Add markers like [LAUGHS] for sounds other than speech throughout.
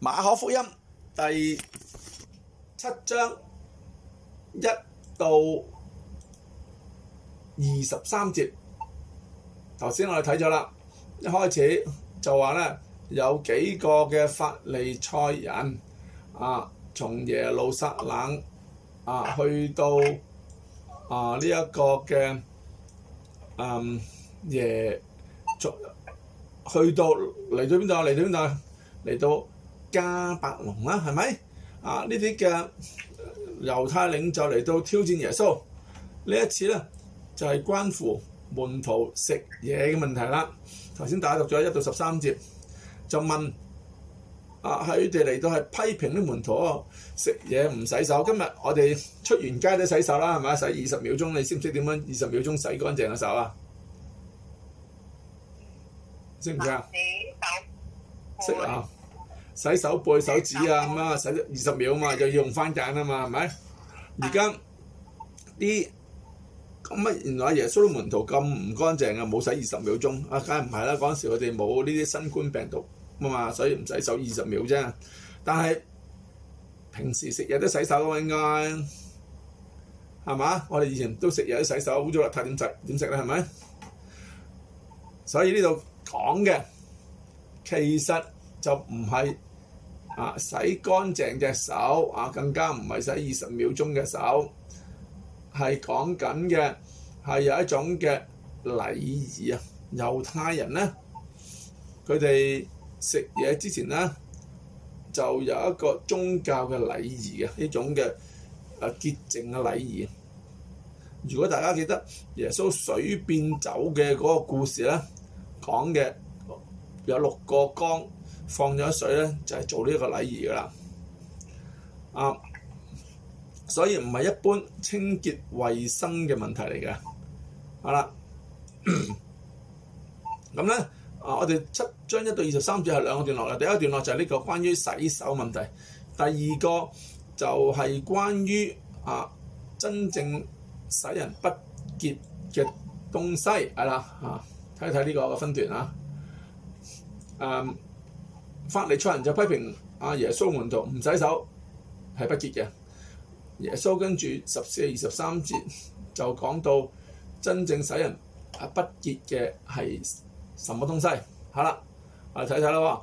馬可福音第七章一到二十三節，頭先我哋睇咗啦。一開始就話咧，有幾個嘅法利賽人啊，從耶路撒冷啊去到啊呢一個嘅嗯耶，去到嚟到邊度？嚟到邊度？嚟到。加白龍啦，係咪啊？呢啲嘅猶太領袖嚟到挑戰耶穌呢一次咧，就係、是、關乎門徒食嘢嘅問題啦。頭先大家讀咗一到十三節，就問啊，佢哋嚟到係批評啲門徒食嘢唔洗手。今日我哋出完街都洗手啦，係咪？洗二十秒鐘，你識唔識點樣二十秒鐘洗乾淨嘅手啊？識唔識，識啊！啊洗手背手指啊咁啊，洗咗二十秒啊嘛，就要用翻緊啊嘛，係咪？而家啲咁啊，原來耶穌嘅門徒咁唔乾淨啊，冇洗二十秒鐘啊，梗係唔係啦？嗰陣時我哋冇呢啲新冠病毒啊嘛，所以唔洗手二十秒啫。但係平時食嘢都洗手緊㗎，應該係嘛？我哋以前都食嘢都洗手，污糟邋遢點食點食咧，係咪？所以呢度講嘅其實就唔係。啊！洗乾淨隻手，啊更加唔係洗二十秒鐘嘅手，係講緊嘅係有一種嘅禮儀啊！猶太人咧，佢哋食嘢之前咧，就有一個宗教嘅禮儀嘅呢種嘅啊潔淨嘅禮儀。如果大家記得耶穌水變酒嘅嗰個故事咧，講嘅有六個缸。放咗水咧，就係、是、做呢一個禮儀噶啦。啊，所以唔係一般清潔衞生嘅問題嚟嘅，好啦。咁咧， [COUGHS] 啊，我哋七章一到二十三節係兩個段落嘅，第一個段落就係呢個關於洗手問題，第二個就係關於啊真正使人不潔嘅東西，係啦，啊，睇睇呢個分段啊，嗯、啊。法利賽人就批評阿耶穌門徒唔洗手係不潔嘅。耶穌跟住十四至二十三節就講到真正使人啊不潔嘅係什麼東西？好啦，我哋睇睇啦。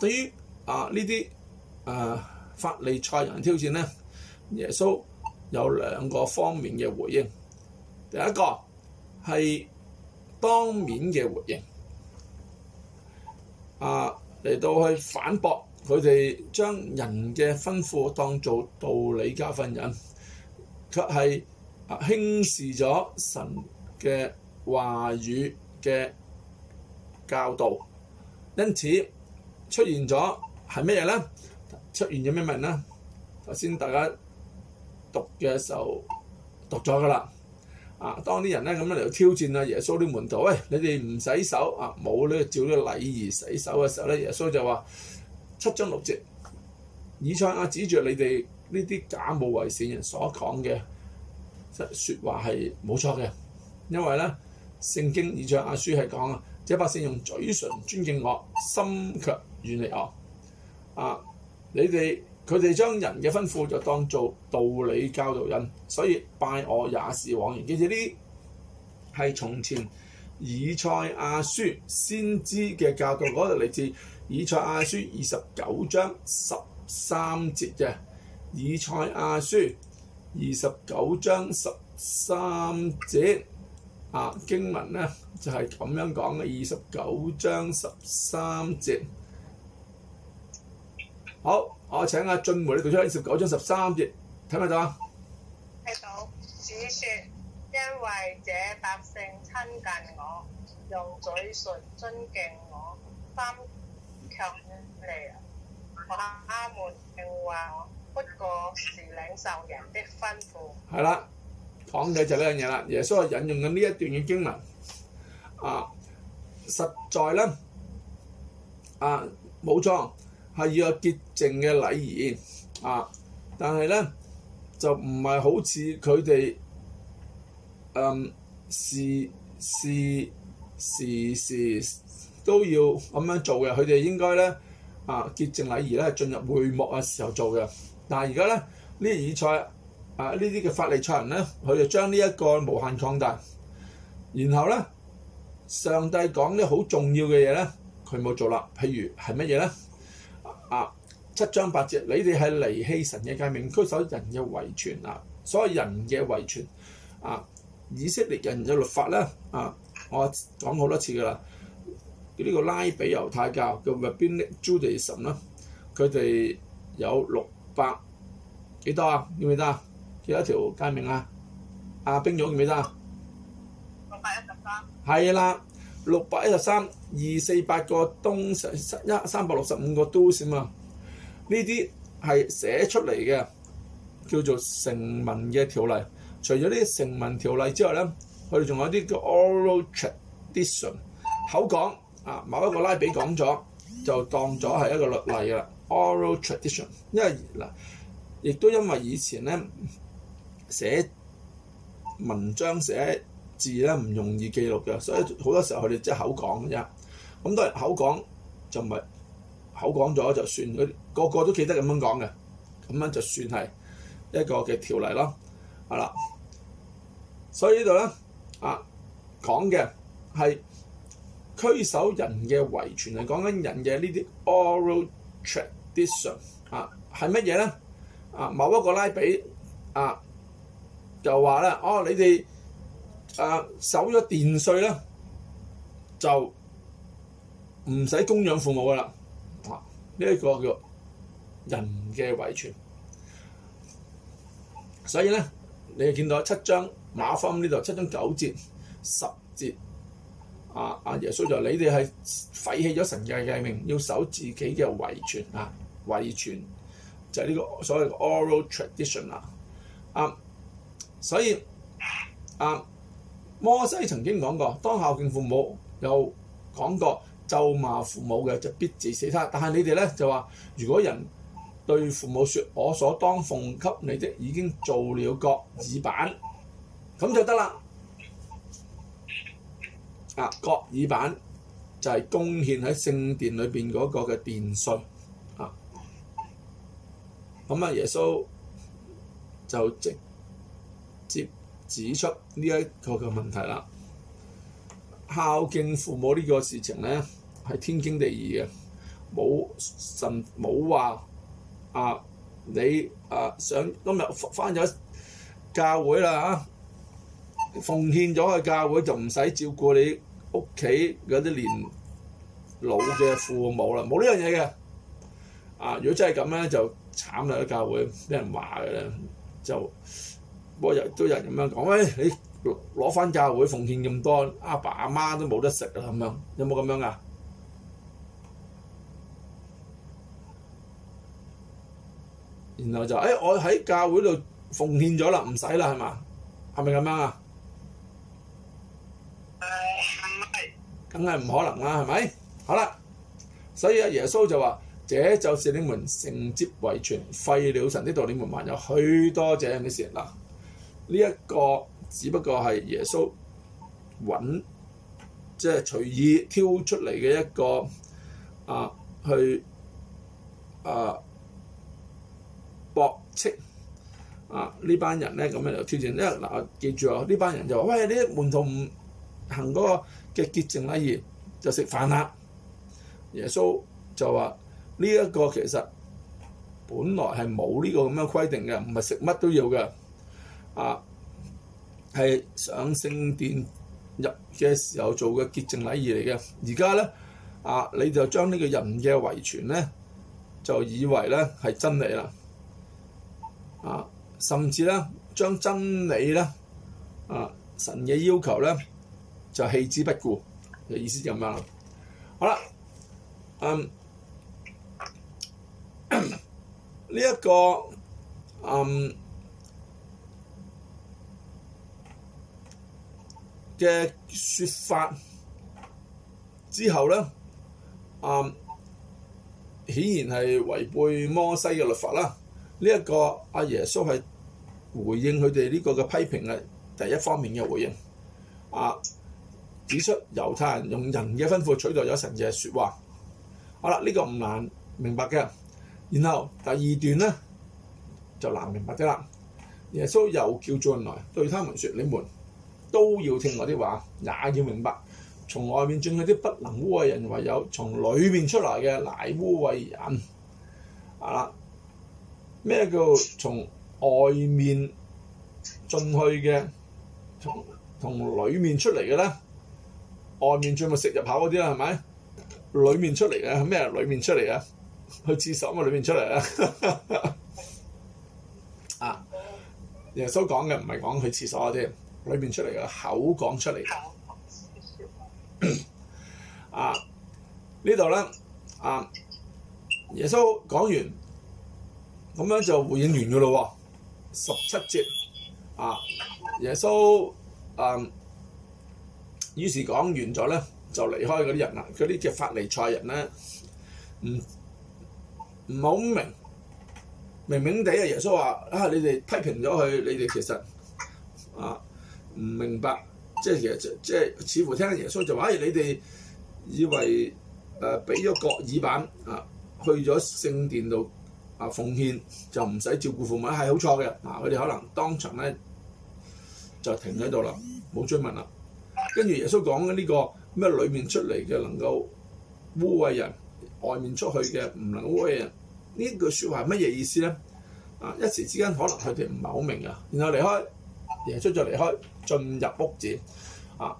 對於啊呢啲啊法利賽人挑戰咧，耶穌有兩個方面嘅回應。第一個係當面嘅回應，啊。嚟到去反駁佢哋將人嘅吩咐當做道理教訓人，卻係啊輕視咗神嘅話語嘅教導，因此出現咗係咩嘢咧？出現咗咩問題咧？頭先大家讀嘅時候讀咗噶啦。啊！當啲人咧咁樣嚟到挑戰啊，耶穌啲門徒，喂，你哋唔洗手啊，冇呢照呢禮儀洗手嘅時候咧，耶穌就話七章六節，以賽亞指住你哋呢啲假冒為善人所講嘅説話係冇錯嘅，因為咧聖經以賽亞書係講啊，這百姓用嘴唇尊敬我，心卻遠離我。啊！你哋。佢哋將人嘅吩咐就當做道理教導人，所以拜我也是枉然。記住呢，係從前以賽亞書先知嘅教導，嗰度嚟自以賽亞書二十九章十三節嘅。以賽亞書二十九章十三節啊經文咧就係咁樣講嘅。二十九章十三節，好。我請阿俊梅你讀出二十九章十三節，睇唔睇到啊？睇到主說：因為這百姓親近我，用嘴唇尊敬我，心卻離我。他們並話我不過是領受人的吩咐。係啦，講嘅就呢樣嘢啦。耶穌引用緊呢一段嘅經文，啊，實在咧，啊，冇錯。係要有潔淨嘅禮儀啊！但係咧就唔係好似佢哋誒時時時時，時都要咁樣做嘅。佢哋應該咧啊，潔淨禮儀咧進入會幕嘅時候做嘅。但係而家咧呢啲以賽啊呢啲嘅法利賽人咧，佢就將呢一個無限擴大，然後咧上帝講啲好重要嘅嘢咧，佢冇做啦。譬如係乜嘢咧？啊，七章八節，你哋係離棄神嘅誡命，拘守人嘅遺傳啊！所謂人嘅遺傳啊，以色列人嘅律法呢啊，我講好多次噶啦，呢、呢個拉比猶太教叫 Rabbinic Judaism 啦，佢哋有六百幾多啊？要唔要得？幾多條誡命啊？阿冰玉要唔要得？六百一十三。係啦。六百一十三二四八個，東十一三百六十五個都算嘛？呢啲係寫出嚟嘅，叫做成文嘅條例。除咗呢啲成文條例之外咧，佢哋仲有啲叫 oral tradition 口講啊，某一個拉比講咗就當咗係一個律例啦。oral tradition 因為嗱，亦都因為以前咧寫文章寫。字咧唔容易記錄嘅，所以好多時候佢哋即係口講嘅啫。咁當然口講就唔係口講咗就算，佢個個都記得咁樣講嘅，咁樣就算係一個嘅條例咯，係啦。所以呢度咧啊，講嘅係驅手人嘅遺傳，係講緊人嘅呢啲 oral tradition 啊係乜嘢咧？啊某一個拉比啊就話咧哦，你哋誒、啊、守咗電稅咧，就唔使供養父母噶啦，啊呢一、這個叫人嘅遺傳，所以咧你就見到七章馬芬呢度七章九節十節，啊啊！耶穌就你哋係廢棄咗神嘅誡命，要守自己嘅遺傳啊，遺傳就係、是、呢個所謂嘅 oral tradition 啊啊，所以啊。摩西曾經講過，當孝敬父母又，又講過咒罵父母嘅就必治死他。但係你哋咧就話，如果人對父母説，我所當奉給你的已經做了各耳板」，咁就得啦。啊，各耳板就係貢獻喺聖殿裏邊嗰個嘅殿稅。啊，咁啊，耶穌就證。指出呢一個嘅問題啦，孝敬父母呢個事情咧係天經地義嘅，冇神冇話啊你啊想今日返咗教會啦啊，奉獻咗去教會就唔使照顧你屋企嗰啲年老嘅父母啦，冇呢樣嘢嘅啊！如果真係咁咧，就慘啦！教會俾人話嘅咧就。我日都有人咁樣講，喂、哎，攞攞翻教會奉獻咁多，阿爸阿媽，媽都冇得食啦，咁樣有冇咁樣啊？然後就誒、哎，我喺教會度奉獻咗啦，唔使啦，係嘛？係咪咁樣啊？唔梗係唔可能啦，係咪？好啦，所以阿耶穌就話：，這就是你們承接遺傳廢了神的道理，你們還有許多這樣嘅事嗱。呢一個只不過係耶穌揾即係隨意挑出嚟嘅一個啊，去啊駁斥啊呢班人咧，咁樣就挑戰。因為嗱，我記住啊，呢班人就話：，喂，你啲門徒唔行嗰、那個嘅潔淨禮儀，就食飯啦。耶穌就話：呢、這、一個其實本來係冇呢個咁樣規定嘅，唔係食乜都要嘅。啊，係上聖殿入嘅時候做嘅潔淨禮儀嚟嘅。而家咧，啊，你就將呢個人嘅遺傳咧，就以為咧係真理啦。啊，甚至咧將真理咧，啊，神嘅要求咧，就棄之不顧嘅意思就咁樣啦。好啦，嗯，呢一、 [COUGHS] 這個，嗯。嘅説法之後咧，啊，顯然係違背摩西嘅律法啦。呢、這、一個阿、啊、耶穌係回應佢哋呢個嘅批評嘅第一方面嘅回應，啊，指出猶太人用人嘅吩咐取代咗神嘅説話。好啦，呢、這個唔難明白嘅。然後第二段咧就難明白啲啦。耶穌又叫眾人來，對他們説：你們都要聽我啲話，也要明白從外面進去啲不能污穢人，唯有從裏面出來嘅乃污穢人。啊，咩叫從外面進去嘅？從從裏面出嚟嘅咧？外面進去食入口嗰啲啦，係咪？裏面出嚟嘅咩？裏面出嚟嘅去廁所咪裏面出嚟啦？ [LAUGHS] 啊，耶穌講嘅唔係講去廁所啲。裏面出嚟嘅，口講出嚟啊，呢度咧，啊，呢啊耶穌講完咁樣就回應完嘅咯喎，十七節啊，耶穌啊於是講完咗咧，就離開嗰啲人啦，佢啲叫法利賽人咧，唔、嗯、唔好明明明地啊，耶穌話啊，你哋批評咗佢，你哋其實啊～唔明白，即係其實即即似乎聽緊耶穌就話：哎，你哋以為誒俾咗各耳板，啊，去咗聖殿度啊奉獻就唔使照顧父母係好錯嘅。嗱、啊，佢哋可能當場咧就停喺度啦，冇追問啦。跟住耶穌講緊呢個咩？裏面出嚟嘅能夠污穢人，外面出去嘅唔能污穢人。呢句説話係乜嘢意思咧？啊，一時之間可能佢哋唔係好明啊。然後離開，耶穌就離開。進入屋子啊！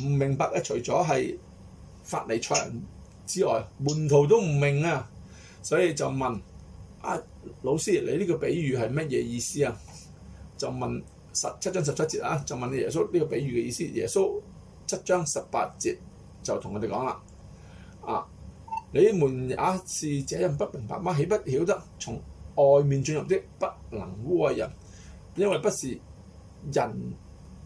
唔明白嘅，啊，除咗係法利賽人之外，門徒都唔明啊，所以就問啊，老師，你呢個比喻係乜嘢意思啊？就問十七章十七節啊，就問你耶穌呢個比喻嘅意思。耶穌七章十八節就同佢哋講啦，啊，你們也是這樣不明白嗎？豈不曉得從外面進入的不能污穢人，因為不是人。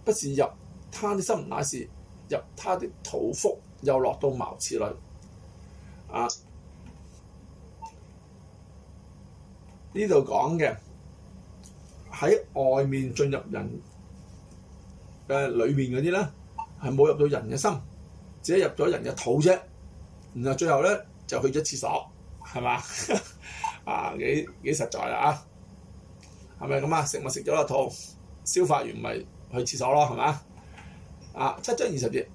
不是入他的心，乃是入他的肚腹，又落到茅廁裏。啊！呢度講嘅喺外面進入人嘅裏面嗰啲咧，係冇入到人嘅心，只係入咗人嘅肚啫。然後最後咧就去咗廁所，係嘛？ [LAUGHS] 啊？幾幾實在啊！啊，係咪咁啊？食物食咗落肚，消化完咪。去廁所咯，係嘛？啊，七章二十節，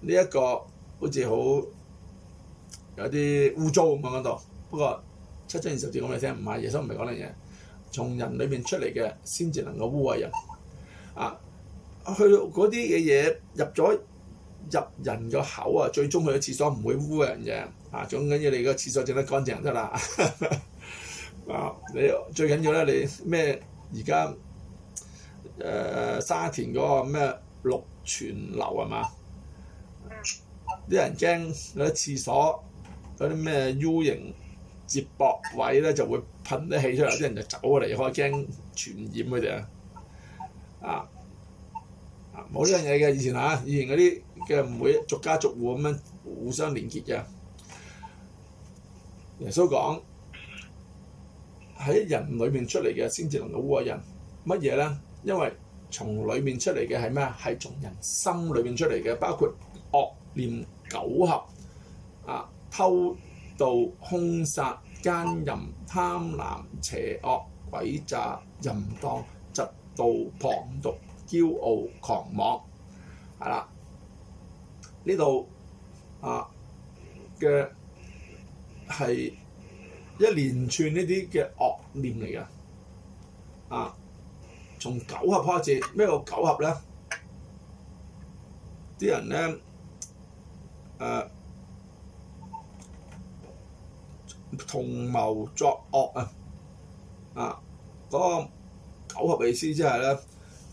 呢、這、一個好似好有啲污糟咁樣嗰度。不過七章二十節講嚟聽唔係耶穌唔係講呢樣嘢，從人裏面出嚟嘅先至能夠污穢人。啊，去到嗰啲嘅嘢入咗入人個口啊，最終去咗廁所唔會污穢人嘅。啊，最緊要你個廁所整得乾淨得啦。 [LAUGHS] 啊，你最緊要咧，你咩而家？誒、呃、沙田嗰個咩六泉樓係嘛？啲人驚嗰啲廁所嗰啲咩 U 型接駁位咧，就會噴啲氣出嚟，啲人就走啊離開，驚傳染佢哋啊！啊，冇呢樣嘢嘅，以前嚇，以前嗰啲嘅唔會逐家逐戶咁樣互相連結嘅。耶穌講喺人裏面出嚟嘅先至能夠污人，乜嘢咧？因為從裏面出嚟嘅係咩啊？係從人心裏面出嚟嘅，包括惡念、苟合、啊偷盜、兇殺、奸淫、貪婪、邪惡、詭詐、淫蕩、嫉妒、謗讟、驕傲、狂妄，係啦。呢度啊嘅係一連串呢啲嘅惡念嚟嘅，啊。從苟合開始，咩叫苟合咧？啲人咧，誒、啊，同謀作惡啊！啊，嗰、嗰個苟合嘅意思即係咧，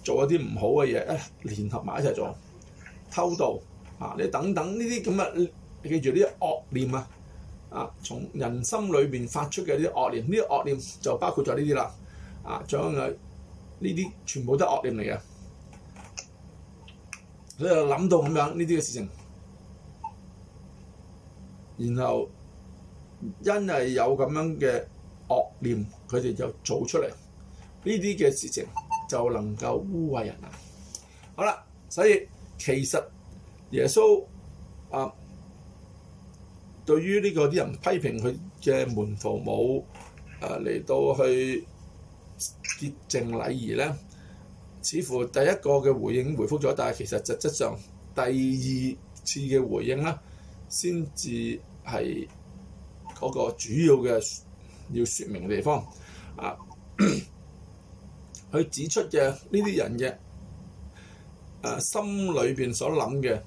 做一啲唔好嘅嘢，啊、一聯合埋一齊做偷盜啊！你等等呢啲咁嘅記住呢啲惡念啊！啊，從人心裏邊發出嘅呢啲惡念，呢啲惡念就包括咗呢啲啦。啊，將佢。呢啲全部都係惡念嚟嘅，佢就諗到咁樣呢啲嘅事情，然後因為有咁樣嘅惡念，佢哋就做出嚟呢啲嘅事情，就能夠污穢人啊！好啦，所以其實耶穌啊，對於呢個啲人批評佢嘅門徒冇啊嚟到去。潔淨禮儀咧，似乎第一個嘅回應回覆咗，但係其實實質上第二次嘅回應咧，先至係嗰個主要嘅要説明嘅地方。啊，佢指出嘅呢啲人嘅誒、啊、心裏邊所諗嘅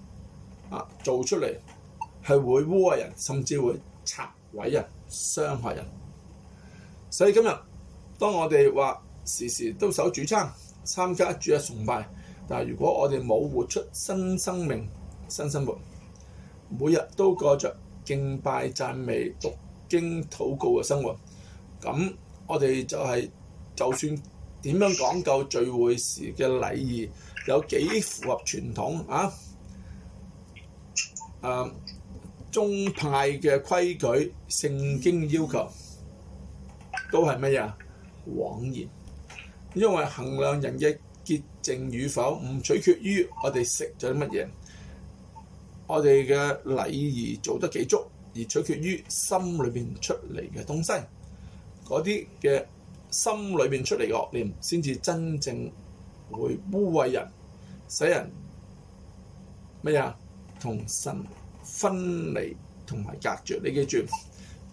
啊，做出嚟係會窩人，甚至會拆毀人、傷害人。所以今日當我哋話，時時都守主餐，參加主日崇拜。但係如果我哋冇活出新生命、新生活，每日都過着敬拜讚美、讀經禱告嘅生活，咁我哋就係就算點樣講究聚會時嘅禮儀，有幾符合傳統啊？誒，宗派嘅規矩、聖經要求都、啊，都係乜嘢？枉然。因為衡量人嘅潔淨與否，唔取決於我哋食咗啲乜嘢，我哋嘅禮儀做得幾足，而取決於心裏邊出嚟嘅東西。嗰啲嘅心裏邊出嚟嘅惡念，先至真正會污穢人，使人咩啊，同神分離同埋隔絕。你記住，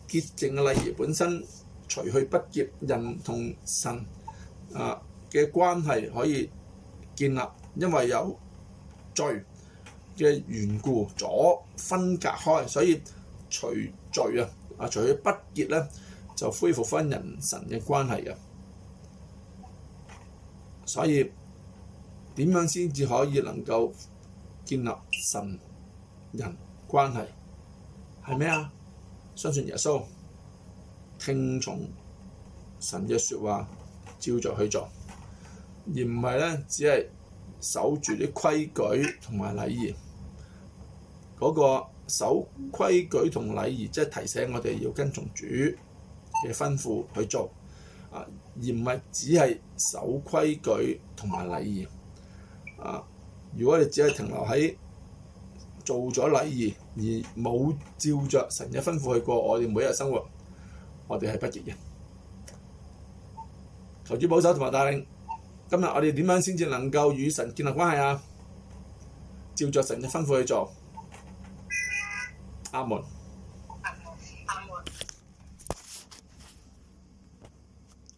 潔淨嘅禮儀本身除去不潔，人同神。啊嘅關係可以建立，因為有罪嘅緣故，咗分隔開，所以除罪啊，啊除去不潔咧、啊，就恢復翻人神嘅關係嘅、啊。所以點樣先至可以能夠建立神人關係？係咩啊？相信耶穌，聽從神嘅説話。照着去做，而唔係咧，只係守住啲規矩同埋禮儀。嗰個守規矩同禮儀，即係提醒我哋要跟從主嘅吩咐去做啊，而唔係只係守規矩同埋禮儀啊。如果你只係停留喺做咗禮儀而冇照着神嘅吩咐去過我哋每一日生活，我哋係不義嘅。求主保守同埋帶領，今日我哋點樣先至能夠與神建立關係啊？照着神嘅吩咐去做。阿門。